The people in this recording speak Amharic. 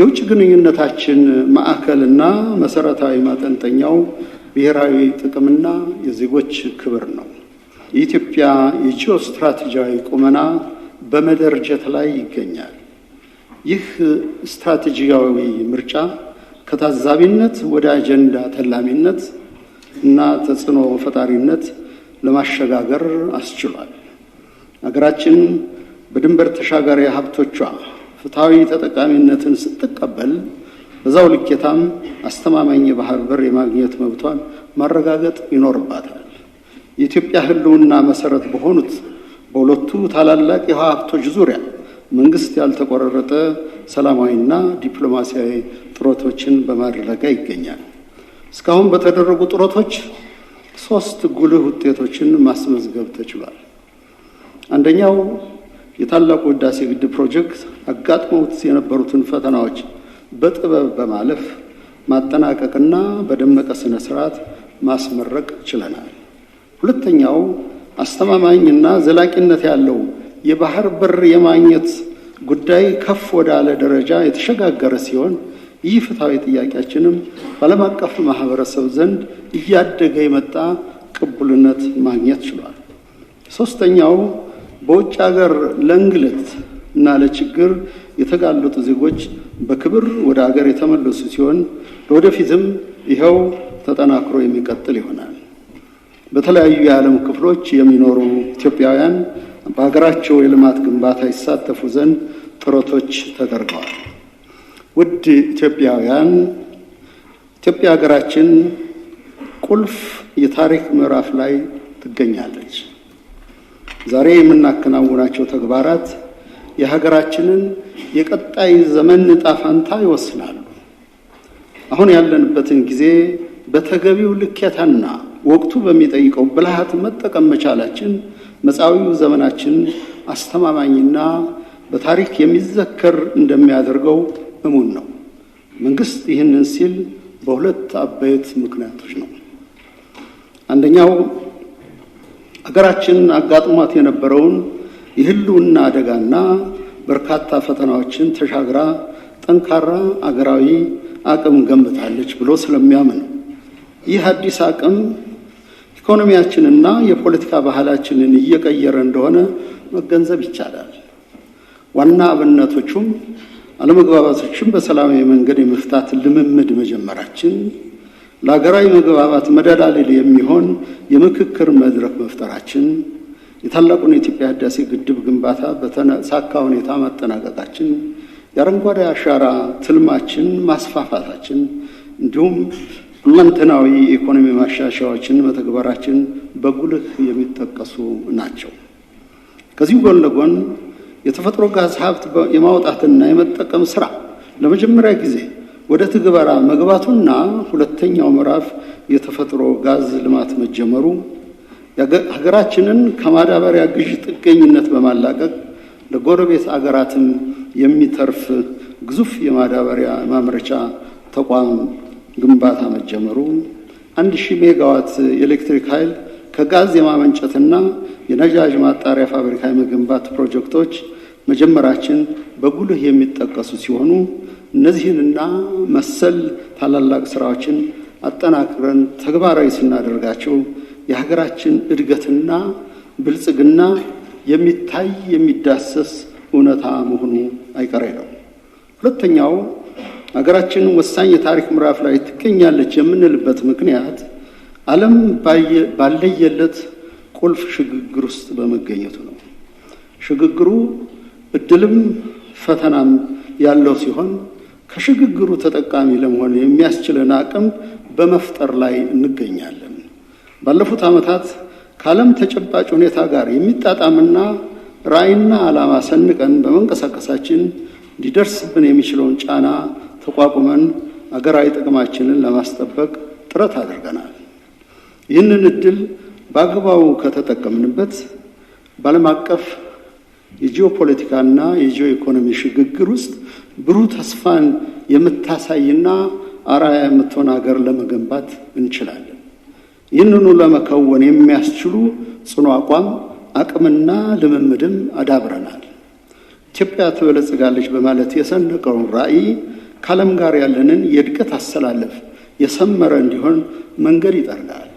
የውጭ ግንኙነታችን ማዕከልና መሰረታዊ ማጠንጠኛው ብሔራዊ ጥቅምና የዜጎች ክብር ነው። የኢትዮጵያ የጂኦ ስትራቴጂያዊ ቁመና በመደርጀት ላይ ይገኛል። ይህ ስትራቴጂያዊ ምርጫ ከታዛቢነት ወደ አጀንዳ ተላሚነት እና ተጽዕኖ ፈጣሪነት ለማሸጋገር አስችሏል። ሀገራችን በድንበር ተሻጋሪ ሀብቶቿ ፍትሐዊ ተጠቃሚነትን ስትቀበል በዛው ልኬታም አስተማማኝ የባህር በር የማግኘት መብቷን ማረጋገጥ ይኖርባታል። የኢትዮጵያ ሕልውና መሰረት በሆኑት በሁለቱ ታላላቅ የውሃ ሀብቶች ዙሪያ መንግስት ያልተቆራረጠ ሰላማዊና ዲፕሎማሲያዊ ጥረቶችን በማድረግ ይገኛል። እስካሁን በተደረጉ ጥረቶች ሶስት ጉልህ ውጤቶችን ማስመዝገብ ተችሏል። አንደኛው የታላቁ ህዳሴ ግድብ ፕሮጀክት አጋጥመውት የነበሩትን ፈተናዎች በጥበብ በማለፍ ማጠናቀቅና በደመቀ ስነ ስርዓት ማስመረቅ ችለናል። ሁለተኛው አስተማማኝና ዘላቂነት ያለው የባህር በር የማግኘት ጉዳይ ከፍ ወዳለ ደረጃ የተሸጋገረ ሲሆን ይህ ፍትሐዊ ጥያቄያችንም በዓለም አቀፍ ማህበረሰብ ዘንድ እያደገ የመጣ ቅቡልነት ማግኘት ችሏል። ሶስተኛው በውጭ ሀገር ለእንግልት እና ለችግር የተጋለጡ ዜጎች በክብር ወደ ሀገር የተመለሱ ሲሆን ለወደፊትም ይኸው ተጠናክሮ የሚቀጥል ይሆናል። በተለያዩ የዓለም ክፍሎች የሚኖሩ ኢትዮጵያውያን በሀገራቸው የልማት ግንባታ ይሳተፉ ዘንድ ጥረቶች ተደርገዋል። ውድ ኢትዮጵያውያን፣ ኢትዮጵያ ሀገራችን ቁልፍ የታሪክ ምዕራፍ ላይ ትገኛለች። ዛሬ የምናከናውናቸው ተግባራት የሀገራችንን የቀጣይ ዘመን ዕጣ ፈንታ ይወስናሉ። አሁን ያለንበትን ጊዜ በተገቢው ልኬታና ወቅቱ በሚጠይቀው ብልሃት መጠቀም መቻላችን መጻዊው ዘመናችን አስተማማኝና በታሪክ የሚዘከር እንደሚያደርገው እሙን ነው። መንግስት ይህንን ሲል በሁለት አበይት ምክንያቶች ነው። አንደኛው አገራችን አጋጥሟት የነበረውን የህልውና አደጋና በርካታ ፈተናዎችን ተሻግራ ጠንካራ አገራዊ አቅም ገንብታለች ብሎ ስለሚያምን ይህ አዲስ አቅም ኢኮኖሚያችንና የፖለቲካ ባህላችንን እየቀየረ እንደሆነ መገንዘብ ይቻላል። ዋና አብነቶቹም አለመግባባቶችን በሰላማዊ መንገድ የመፍታት ልምምድ መጀመራችን ለሀገራዊ መግባባት መደላለል የሚሆን የምክክር መድረክ መፍጠራችን፣ የታላቁን የኢትዮጵያ ህዳሴ ግድብ ግንባታ በተሳካ ሁኔታ ማጠናቀቃችን፣ የአረንጓዴ አሻራ ትልማችን ማስፋፋታችን እንዲሁም ሁለንተናዊ የኢኮኖሚ ማሻሻያዎችን መተግበራችን በጉልህ የሚጠቀሱ ናቸው። ከዚሁ ጎን ለጎን የተፈጥሮ ጋዝ ሀብት የማውጣትና የመጠቀም ስራ ለመጀመሪያ ጊዜ ወደ ትግበራ መግባቱና ሁለተኛው ምዕራፍ የተፈጥሮ ጋዝ ልማት መጀመሩ ሀገራችንን ከማዳበሪያ ግዥ ጥገኝነት በማላቀቅ ለጎረቤት አገራትም የሚተርፍ ግዙፍ የማዳበሪያ ማምረቻ ተቋም ግንባታ መጀመሩ አንድ ሺህ ሜጋዋት የኤሌክትሪክ ኃይል ከጋዝ የማመንጨትና የነዳጅ ማጣሪያ ፋብሪካ የመገንባት ፕሮጀክቶች መጀመራችን በጉልህ የሚጠቀሱ ሲሆኑ እነዚህንና መሰል ታላላቅ ስራዎችን አጠናክረን ተግባራዊ ስናደርጋቸው የሀገራችን እድገትና ብልጽግና የሚታይ የሚዳሰስ እውነታ መሆኑ አይቀሬ ነው። ሁለተኛው ሀገራችን ወሳኝ የታሪክ ምዕራፍ ላይ ትገኛለች የምንልበት ምክንያት ዓለም ባለየለት ቁልፍ ሽግግር ውስጥ በመገኘቱ ነው። ሽግግሩ እድልም ፈተናም ያለው ሲሆን ከሽግግሩ ተጠቃሚ ለመሆን የሚያስችለን አቅም በመፍጠር ላይ እንገኛለን። ባለፉት ዓመታት ከዓለም ተጨባጭ ሁኔታ ጋር የሚጣጣምና ራዕይና ዓላማ ሰንቀን በመንቀሳቀሳችን ሊደርስብን የሚችለውን ጫና ተቋቁመን አገራዊ ጥቅማችንን ለማስጠበቅ ጥረት አድርገናል። ይህንን እድል በአግባቡ ከተጠቀምንበት በዓለም አቀፍ የጂኦ ፖለቲካና የጂኦ ኢኮኖሚ ሽግግር ውስጥ ብሩህ ተስፋን የምታሳይና አርአያ የምትሆን ሀገር ለመገንባት እንችላለን። ይህንኑ ለመከወን የሚያስችሉ ጽኑ አቋም፣ አቅምና ልምምድም አዳብረናል። ኢትዮጵያ ትበለጽጋለች በማለት የሰነቀውን ራዕይ ከዓለም ጋር ያለንን የእድገት አሰላለፍ የሰመረ እንዲሆን መንገድ ይጠርጋል።